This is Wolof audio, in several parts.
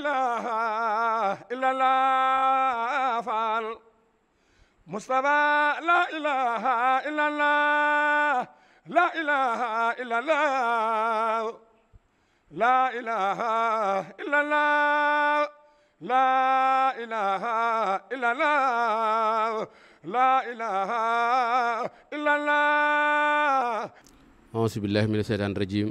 ilaha illa allah faal Mustafa la ilaha illa allah la ilaha illa allah la ilaha illa allah la ilaha illa allah la ilaha illa allah auzu billahi mina shaytaani rajiim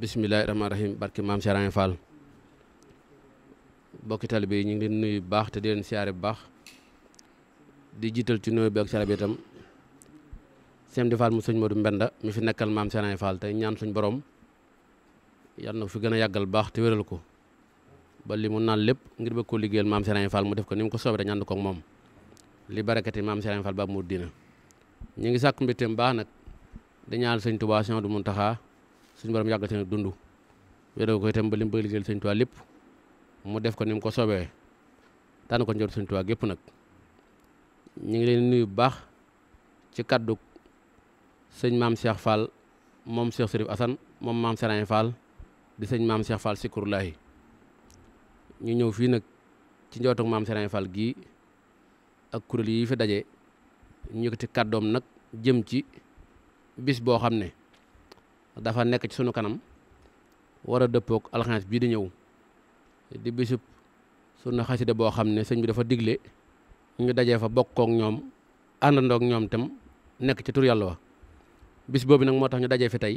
bismillahi rahmaani rahiim barke maam Serigne Fall bokki talibe yi ñu ngi leen nuyu bu baax te di leen siyaare bu baax di jiital ci nuyu bi ak siyaare bi itam sëñ di Fall mu sëñ Modou Mbenda mi fi nekkal maam Sénaay Fall tey ñaan suñ borom yàlla na fi gën a yàggal baax te wéral ko li mu naan lépp ngir bëgg koo liggéeyal maam Sénaay mu def ko ni mu ko soobee ñaan ko ak moom li barakati maam Sénaay Fall ba mu dina ñu ngi sàkku mbitteem baax nag di ñaan sëñ Tuubaa Sëñ Muntaxaa suñ borom yàggal seen dund wéral ko itam ba li mu liggéeyal sëñ Tuubaa lépp mu def ko ni mu ko soobee tànn ko njëriñ Sëriñ Tuubaa gépp nag ñu ngi leen nuyu baax ci kaddu sëñ maam seex Fall moom Cheikh Sërif Assane moom maam Serañ Fall di sëñ maam seex Fall Sikurulahi ñu ñëw fii nag ci njootug maam Serañ Fall gii ak kuréel yi fi daje ñu yëkkati kàddoom nag jëm ci bis boo xam ne dafa nekk ci sunu kanam war a dëppook alxames bii di ñëw. di bisub sunna de boo xam ne sëñ bi dafa digle ñu dajee fa bokkook ñoom àndandook ñoom itam nekk ci tur yàlla wa bis boobu nag moo tax ñu dajee fi tey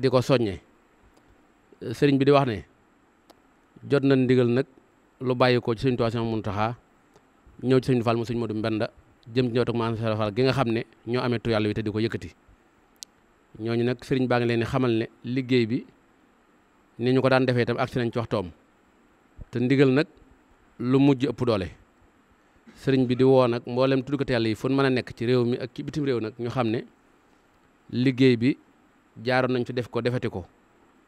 di ko soññee sëriñ bi di wax ne jot na ndigal nag lu bàyyi ko ci sëñ Tuubaa Sëñ Muntaxaa ñëw ci sëñ Fall mu sëñ jëm ci ñëw toog nga xam ne ñoo amee tur yàlla di ko yëkkati ñooñu nag sëriñ baa ngi leen di xamal ne liggéey bi ni ñu ko daan defee itam agsi nañ ci waxtoom te ndigal nag lu mujj ëpp doole sëriñ bi di woo nag mboolem tuddkati yàlla yi fu mën a nekk ci réew mi ak ci bitim réew nag ñu xam ne liggéey bi jaaroon nañ ci def ko defati ko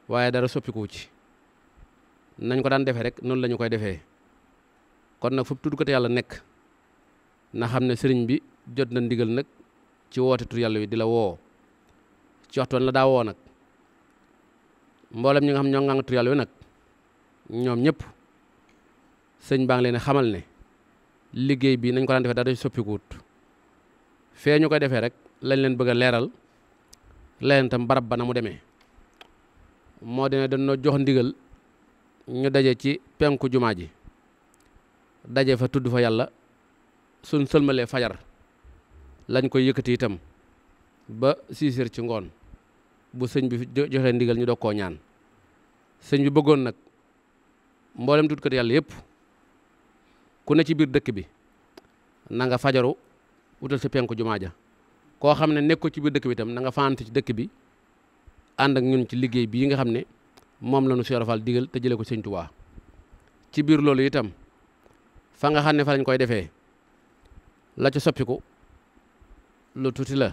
waaye dara soppikuwu ci nañ ko daan defee rek noonu lañu koy defee kon nag fu tuddkati yàlla nekk na xam ne sëriñ bi jot na ndigal nag ci woote tur yàlla wi di la woo ci waxtu la daa woo nag mboolem ñi nga xam ñoo ngang tur yàlla wi nag ñoom ñëpp sëñ baa ngi leen xamal ne liggéey bi nañ ko daan defee dara soppikuut fee ñu koy defee rek lañ leen bëgg a leeral leen itam barab ba na mu demee moo dina noo jox ndigal ñu daje ci penku jumaa ji daje fa tudd fa yàlla suñ sëlmalee fajar lañ koy yëkkati itam ba six ci ngoon bu sëñ bi joxee ndigal ñu doog koo ñaan sëñ bi bëggoon nag mboolem tuddkat yàlla yëpp ku ne ci biir dëkk bi na nga fajaru wutal ci penku jumaa ja koo xam ne nekk ci biir dëkk bi itam na nga faante ci dëkk bi ànd ak ñun ci liggéey bii nga xam ne moom la nu Cheikh Fall digal te jëlee ko Sëñ Tuubaa ci biir loolu itam fa nga xam ne fa lañ koy defee la ca soppiku lu tuuti la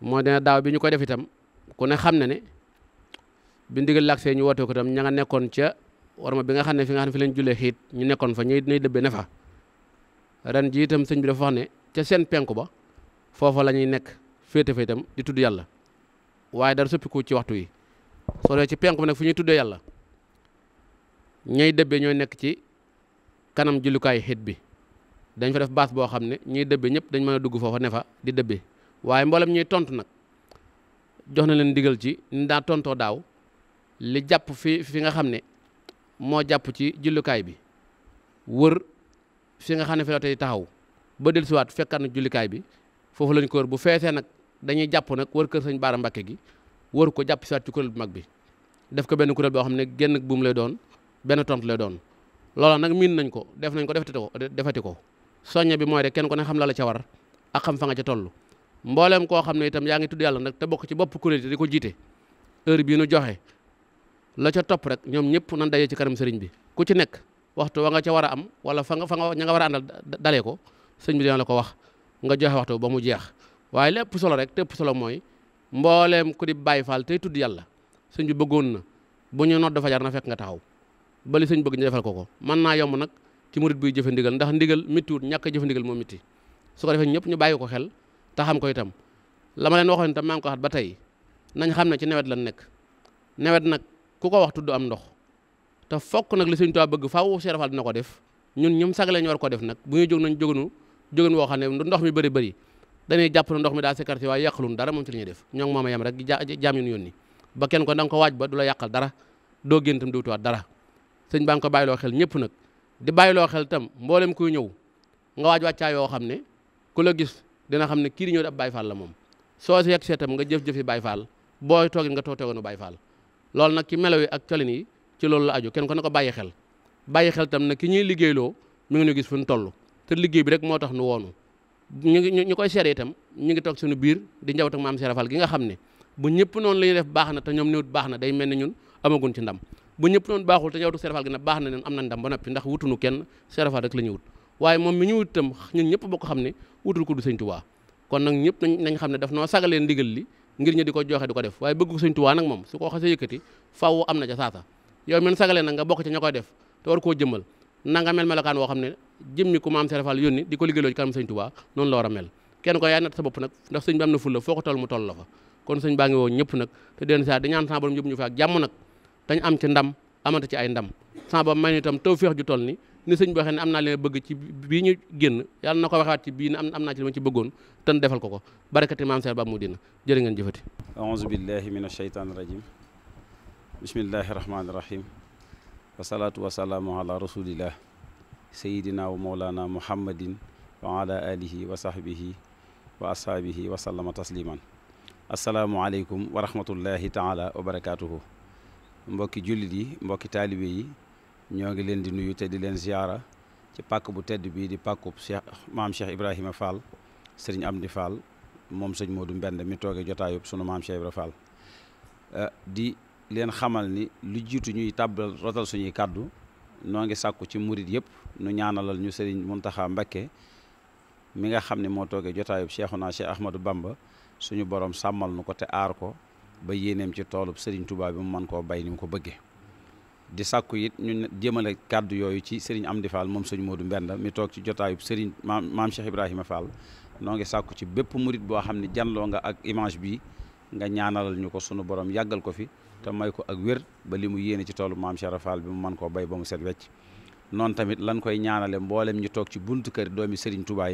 moo dina daaw bi ñu koy def tam ku ne xam ne ne bi ndigal lagsee ñu woote tam ña nga nekkoon ca warma bi nga xam ne fi nga xam fi lañ jullee xiit ñu nekkoon fa ñuy ñuy dëbbee ren ji itam sëñ bi dafa wax ne ca seen penku ba foofa la ñuy nekk féete fa tam di tudd yàlla waaye dara soppiku ci waxtu yi soo dee ci penku ba nag fu ñuy tuddee yàlla ñuy dëbbee ñooy nekk ci kanam jullukaayu xiit bi dañ fa def baas boo xam ne ñuy dëbbee ñëpp dañ mën a dugg foofa ne fa di dëbbe waaye mboolem ñuy tontu nag jox na leen digal ci ni daa tontoo daaw moo jàpp ci jullikaay bi wër fi nga xam ne fi la tey taxaw ba dellusiwaat fekkaat na jullikaay bi foofu lañ ko bu feesee nag dañuy jàpp nag wër kër sañ Baara Mbàkke gi wër ko jàpp si waat ci kuréel bu mag bi def ko benn kuréel boo xam ne génn buum lay doon benn tont lay doon loola nag miin nañ ko def nañ ko defati ko defati ko soññe bi mooy rek kenn ko ne xam la la ca war ak xam fa nga ca toll mbooleem koo xam ne itam yaa ngi tudd yàlla nag te bokk ci bopp kuréel di ko jiite heure bii nu joxe la ca topp rek ñoom ñëpp nan dajee ci kanam sëriñ bi ku ci nekk waxtu wa nga ca war a am wala fa nga fa nga war a àndal dalee ko sëñ bi dina la ko wax nga joxe waxtu ba mu jeex waaye lépp solo rek tépp solo mooy mbooleem ku di bàyyi faal tey tudd yàlla sëñ bi bëggoon na bu ñu nodd fajar na fekk nga taxaw bali sëñ bëgg ñu defal ko ko mën naa yomb nag ci murit buy jëfe ndigal ndax ndigal mittiwut ñàkk a jëfe ndigal moo mitti su ko defee ñëpp ñu bàyyi ko xel te xam ko itam la ma leen waxoon itam maa ko xat ba tey nañ xam ne ci nawet lan nekk ku ko waxtu tudd am ndox te fokk nag li Sëñ Tuubaa bëgg faaw Cheikh Fall dina ko def ñun ñoom sagalee ñu war ko def nag bu ñuy jóg nañ jóganu jógan woo xam ne ndox mi bëri bëri dana jàpp ne ndox mi daa sécurité waaye yàqalun dara moom ci li ñuy def ñoo ngi mooma yem rek jaam ñun ba kenn ko da ko waaj ba la yàqal dara doo génn tam diwtuwaat dara sëñ baa ngi ko bàyyiloo xel ñëpp nag di bàyyiloo xel tam mboolem kuy ñëw nga waaj wàccaa yoo xam ne ku la gis dina xam ne kii di ñëw di ab Faal la moom soo si yegg see nga jëf-jëfi bay Faal boo toogin nga toog tooganu Baay Faal loolu nag ki melaw yi ak colin yi ci loolu la aju kenn ko na ko bàyyi xel bàyyi xel tam na ki ñuy liggéeyloo mu ngi ñu gis fu ñu toll te liggéey bi rek moo tax nu woonu ñu ngi ñu koy seere tam ñu ngi toog suñu biir di njawat ak maam serafal gi nga xam ne bu ñëpp noonu la def baax na te ñoom néewut baax na day mel ni ñun amagun ci ndam bu ñëpp noonu baaxul te njawatu serafal gi na baax na ñun am na ndam ba noppi ndax wutunu kenn serafal rek la ñu wut waaye moom mi ñu wut ñun ñëpp bokk xam ne wutul ko du sëñ Tuubaa kon nag ñëpp nañ xam ne daf noo sagalee ndigal li ngir ñu di ko joxe di ko def waaye bëgg Sëñ Tuubaa nag moom su ko xasee yëkkati faaw am na ca saasa yow men sagalee nag bokk ci ña def te war koo jëmmal na nga mel melokaan woo xam ne jëmmi ku maam Serigne Fall yónni di ko liggéeyloo ci kanam Sëñ Tuubaa noonu la a mel kenn ko yaay natt sa bopp nag ndax sëñ foo ko toll mu toll la fa kon sëñ baa ngi woo ñëpp nag te den saa di ñaan sa borom yóbbu ñu fa ak nag dañ am ci ndam amante ci ay ndam sa borom may ni itam tawfeex ju ni ni sëñ bi waxee ne am naa leen bëgg ci bii ñu génn yàlla na ko waxaat ci bii ne am naa ci li ci bëggoon te defal ko ko barakati maam seer ba mu dina jërë ngeen jëfati aouzu billahi min asheytaani rajim bismillahi rahmaani rahim wasalaatu wasalaamu ala rasulillah sayidina wa mawlana muhammadin wa ala alihi wa sahbihi wa ashaabihi wa sallama tasliman asalaamualeykum wa rahmatullahi taala wa barakatuhu mbokki jullit mbokki taalibe ñoo ngi leen di nuyu te di leen ziyaara ci pàkk bu tedd bii di pàkkub Cheikh maam Cheikh Ibrahima Fall sëriñ Amdi Fall moom sëñ Modou Mbend mi tooge jotaayub sunu maam Cheikh Ibrahima Fall euh, di leen xamal ni lu jiitu ñuy tàbbal suñuy kàddu noo ngi sàkku ci murit yëpp nu ñaanalal ñu sëriñ Muntaxa Mbakke mi nga xam ne moo tooge jotaayub Cheikhuna Cheikh Ahmadou Bamba suñu borom sàmmal nu ko te aar ko ba yéeneem ci toolub sëriñ Touba bi mu mën koo bay ni mu ko bëggee di sàkku it ñu jëmale kàddu yooyu ci sëriñ Amdi Fall moom sëñ Modou Mbenda mi toog ci jotaayub sëriñ maam maam Cheikh Ibrahima Fall noo ngi sàkku ci bépp murit boo xam ne janloo nga ak image bi nga ñaanalal ñu ko sunu borom yàggal ko fi te may ko ak wér ba li mu yéene ci toolu maam Cheikh Fall bi mu mën koo bay ba mu set wecc noonu tamit lan koy ñaanale mboolem ñu toog ci bunt kër doomi sëriñ Touba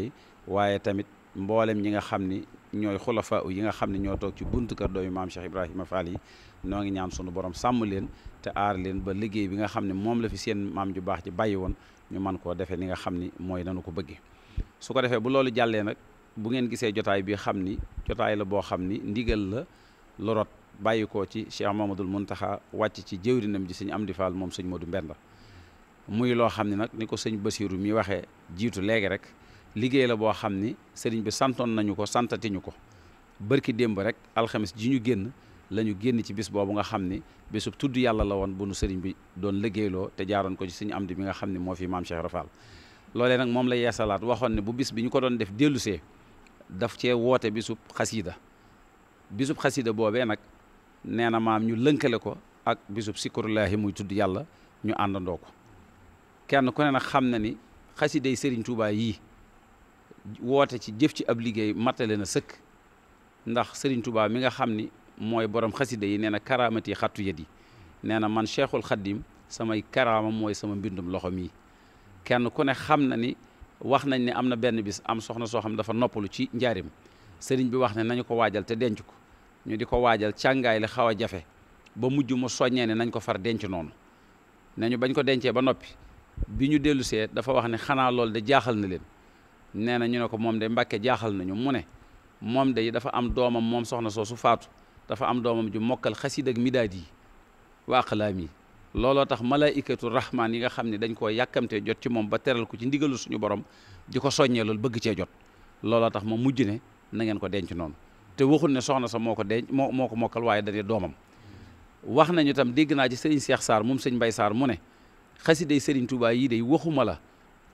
waaye tamit mboolem ñi nga xam ni ñooy xulafa yi nga xam ne ñoo toog ci bunt kër doomi maam Cheikh Ibrahima Fall yi noo ngi ñaan sunu borom sàmm leen te aar leen ba liggéey bi nga xam ne moom la fi seen maam ju baax ji bàyyi woon ñu man koo defee ni nga xam ni mooy nanu ko bëggee su ko defee bu loolu jàllee nag bu ngeen gisee jotaay bi xam ni jotaay la boo xam ni ndigal la lu bàyyi koo ci Cheikh Mamadul Muntaxa wàcc ci jëwrinam ji sëñ di Fall moom sëñ Modou Mbenda muy loo xam ne nag ni ko sëñ Basiiru mi waxee jiitu léegi rek liggéey la boo xam ni sëriñ bi santoon nañu ko santatiñu ko bërki démb rek alxemes ji ñu génn lañu génn ci bis boobu nga xam ni bésub tudd yàlla la woon bu nu sëriñ bi doon liggéeyloo te jaaroon ko ci suñu am di mi nga xam ne moo fi maam Cheikh Rafal loolee nag moom la yeesalaat waxoon ne bu bis bi ñu ko doon def dellusee daf cee woote bisub xasiida bisub xasiida boobee nag nee na maam ñu lënkale ko ak bisub sikkurulaahi muy tudd yàlla ñu àndandoo ko kenn yii woote ci jëf ci ab liggéey matale na sëkk ndax sëriñ Touba mi nga xam ni mooy borom xasida yi nee na karaamati xattu yet yi nee na man xat Khadim samay karaama mooy sama mbindum loxo mi kenn ku ne xam na ni wax nañ ne am na benn bis am soxna soo xam dafa noppalu ci njaarim sëriñ bi wax ne nañu ko waajal te denc ko ñu di ko waajal càngaay li xaw a jafe ba mujj mu soññee ne nañ ko far denc noonu nañu bañ ko dencee ba noppi bi ñu dellusee dafa wax ne xanaa loolu de jaaxal na leen nee na ñu ne ko moom de mbàkke jaaxal nañu mu ne moom de dafa am doomam moom soxna soo su faatu dafa am doomam ju mokkal xasiid ak midaad yi waa xalaam yi looloo tax malaayikatu rahmaan yi nga xam ne dañ koo yàkkamtee jot ci moom ba teral ko ci ndigalu suñu borom di ko soññee loolu bëgg cee jot looloo tax ma mujj ne na ngeen ko denc noonu te waxul ne soxna sa moo ko denc moo moo ko mokkal waaye dañuy doomam wax nañu tam dégg naa ci sëriñ Cheikh saar moom sëñ Mbay Sarr mu ne xasiday sëriñ Tuubaa yii day waxuma la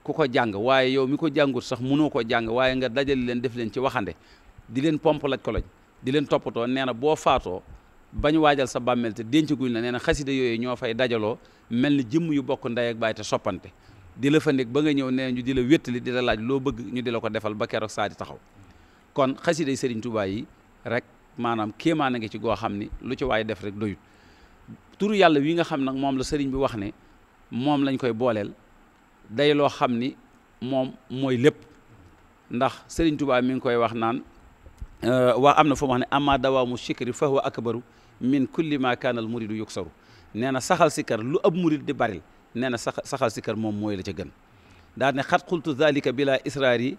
ku ko jàng waaye yow mi ko jàngut sax mënoo ko jàng waaye nga dajale leen def leen ci waxande di leen pomp laj ko laj di leen toppatoo nee na boo faatoo bañ waajal sa bàmmeel te dencaguñ la nee na xasida yooyu ñoo fay dajaloo mel ni jëmm yu bokk ndey ak baay te soppante di la fa nekk ba nga ñëw nee ñu di la wéttali di la laaj loo bëgg ñu di la ko defal ba keroog saa di taxaw kon xasiday Sëriñ Tuubaa yi rek maanaam kéemaan a ngi ci goo xam ni lu ci waaye def rek doyut turu yàlla wi nga xam nag moom la sëriñ bi wax ne moom lañ koy booleel day loo xam ni moom mooy lépp ndax sëriñ tubaa mi ngi koy wax naan euh, waa am na fu mu wax ne amma dawaamu shikri fa huwa akbaru min kulli ma kaana al muridu yuksaru nee na saxal sikar lu ab murid di baril nee na sax saxal sikar moom mooy la ca gën daal ne xat xultu zalika bila israar yi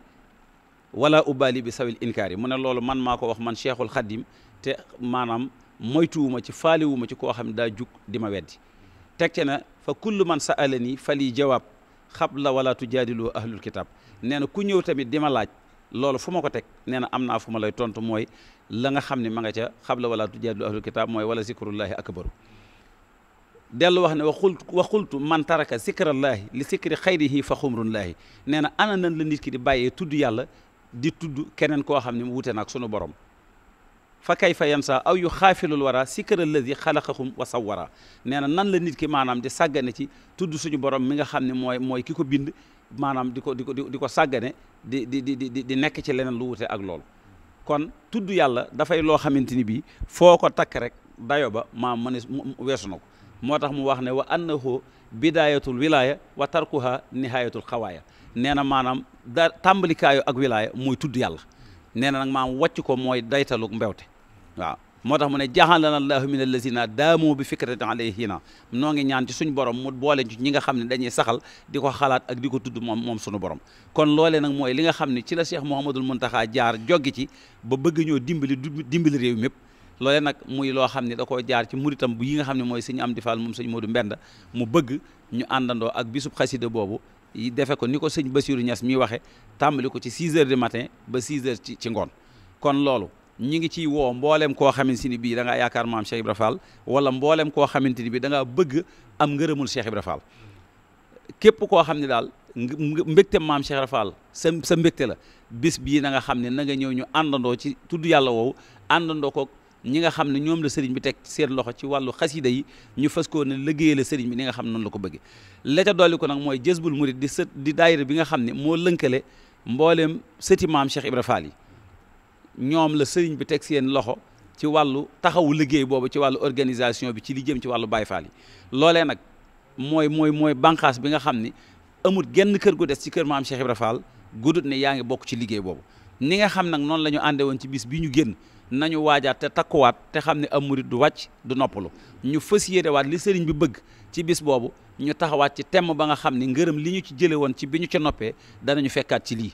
wala ubali bi sawil inkaar yi mu ne loolu man maa ko wax man cheikhul xadim te maanaam moytuwuma ci faaliwuma ci koo xam ne daa jug di ma weddi teg ce fa kullu man sa'alani fali jawaab xabla wala tujaadiloo ahlul kitab nee na ku ñëw tamit di ma laaj loolu fu ma ko teg nee na am naa fu ma lay tontu mooy la nga xam ne ma nga ca xabla wala tujaadiloo ahlul kitab mooy wala zikrullahi akbaru dellu wax ne wa xultu wa xultu man taraka zikrallaahi li zikri xayrihi fa xumrullaahi nee neena ana nan la nit ki di bàyyee tudd yàlla di tudd keneen koo xam ne mu wute naag sunu borom fa kayfa yansa aw yu xaafilul wara sikar allazi xalaqahum wa sawwara nee na nan la nit ki maanaam di sàggane ci tudd suñu borom mi nga xam ne mooy mooy ki ko bind maanam di ko di ko di ko sàggane di di di di di nekk ci leneen lu wute ak lool kon tudd yàlla dafay loo xamante ni bii foo ko takk rek dayo ba maam mën weesu na ko moo tax mu wax ne wa annahu bidayatul wilaya wa tarkuha nihayatul xawaaya nee na maanaam da tàmbalikaayo ak wilaya mooy tudd yàlla ne na nag wàcc ko mooy daytaluk mbewte waaw moo tax mu ne jaxalana allahu min allazina daamu bi fikratin alayhina noo ngi ñaan ci suñu borom mu boole ci ñi nga xam ne dañuy saxal di ko xalaat ak di ko tudd moom moom suñu borom kon loolee nag mooy li nga xam ne ci la Cheikh Mouhamadul Mountakha jaar joggi ci ba bëgg ñoo dimbali dimbali réew mépp loolee nag muy loo xam ne da koo jaar ci muritam bu yi nga xam ne mooy sëñ Amdi Fall moom sëñ Modou Mbenda mu bëgg ñu àndandoo ak bisub xasida boobu defe ko ni ko sëñ Bassirou Niass mi waxe tàmbali ko ci 6 heures du matin ba 6 heures ci ci ngoon ñi ngi ciy woo mboolem koo xamante ni bii danga ngaa yaakaar maam Cheikh Ibra Fall wala mboolem koo xamante ni bii da ngaa bëgg am ngërëmul Cheikh Ibra Fall képp koo xam ne daal mbégte maam Cheikh Ibra Fall sa sa mbégte la bis bii na nga xam ne na nga ñëw ñu àndandoo ci tudd yàlla wow àndandoo ko ñi nga xam ne ñoom la sëriñ bi teg seen loxo ci wàllu xasida yi ñu fas koo ne liggéeyee la sëriñ bi ni nga xam noonu la ko bëgge la dolli ko nag mooy Jazbul Murid di sët di daayira bi xam ne moo lënkale mbooleem sëti maam Cheikh Ibra yi ñoom la sëriñ bi teg seen loxo ci wàllu taxawu liggéey boobu ci wàllu organisation bi ci li jëm ci wàllu Baay Faal yi loolee nag mooy mooy mooy banqaas bi nga xam ni amul genn kër gu des ci kër maam Cheikh Ibra Fall gudut ne yaa ngi bokk ci liggéey boobu ni nga xam nag noonu la ñu ànde woon ci bis bi ñu génn nañu waajaat te takkuwaat te xam ne am murit du wàcc du noppalu ñu fas yéenewaat li sëriñ bi bëgg ci bis boobu ñu taxawaat ci temm ba nga xam ne ngërëm li ñu ci jële woon ci bi ñu ca noppee danañu fekkaat ci lii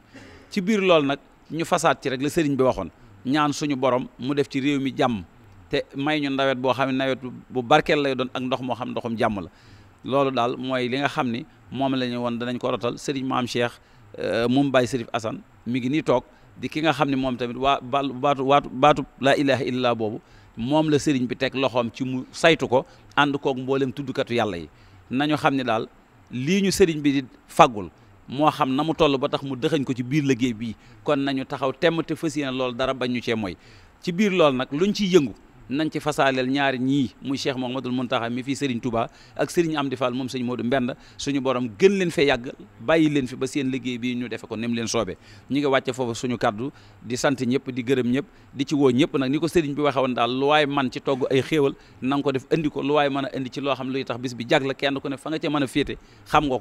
ci biir loolu nag ñu fasaat ci rek la sëriñ bi waxoon ñaan suñu borom mu def ci réew mi jàmm te may ñu nawet boo xam ne nawet bu barkeel lay doon ak ndox moo xam ndoxum jàmm la loolu daal mooy li nga xam ni moom la ñu woon danañ ko rotal sëriñ maam Cheikh euh, mum Baye Sërif Assane mi ngi nii toog di ki nga xam ne moom tamit waa baatu waatu baatu laa ilaha illa boobu moom la sëriñ bi teg loxoom ci mu saytu ko ànd kook mboolem tuddkatu yàlla yi nañu xam ne daal lii ñu sëriñ bi di faggul moo xam na mu toll ba tax mu dëxañ ko ci biir liggéey bi kon nañu taxaw temm te fas yéene lool dara bañ ñu cee mooy ci biir lool nag luñ ciy yëngu nañ ci fasaaleel ñaari ñii muy Cheikh Mouhamadul Mountakha mi fii Serigne Touba ak Serigne Amdi Fall moom sëñ Modou Mbend suñu borom gën leen fee yàgg bàyyi leen fi ba seen liggéey bi ñu defe ko nem leen soobee ñi foofu suñu kaddu di sant ñëpp di gërëm ñëpp di ci woo ñëpp nag ni ko bi waxe woon daal man ci togg ay xéewal na def indi ko lu waay a indi ci loo xam luy tax bis bi kenn ku ne fa nga ca mën a féete xam nga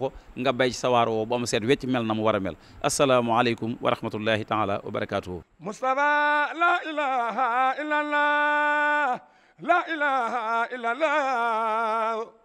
a wa rahmatullahi taala wa la ilaha illallah la ilaha illallah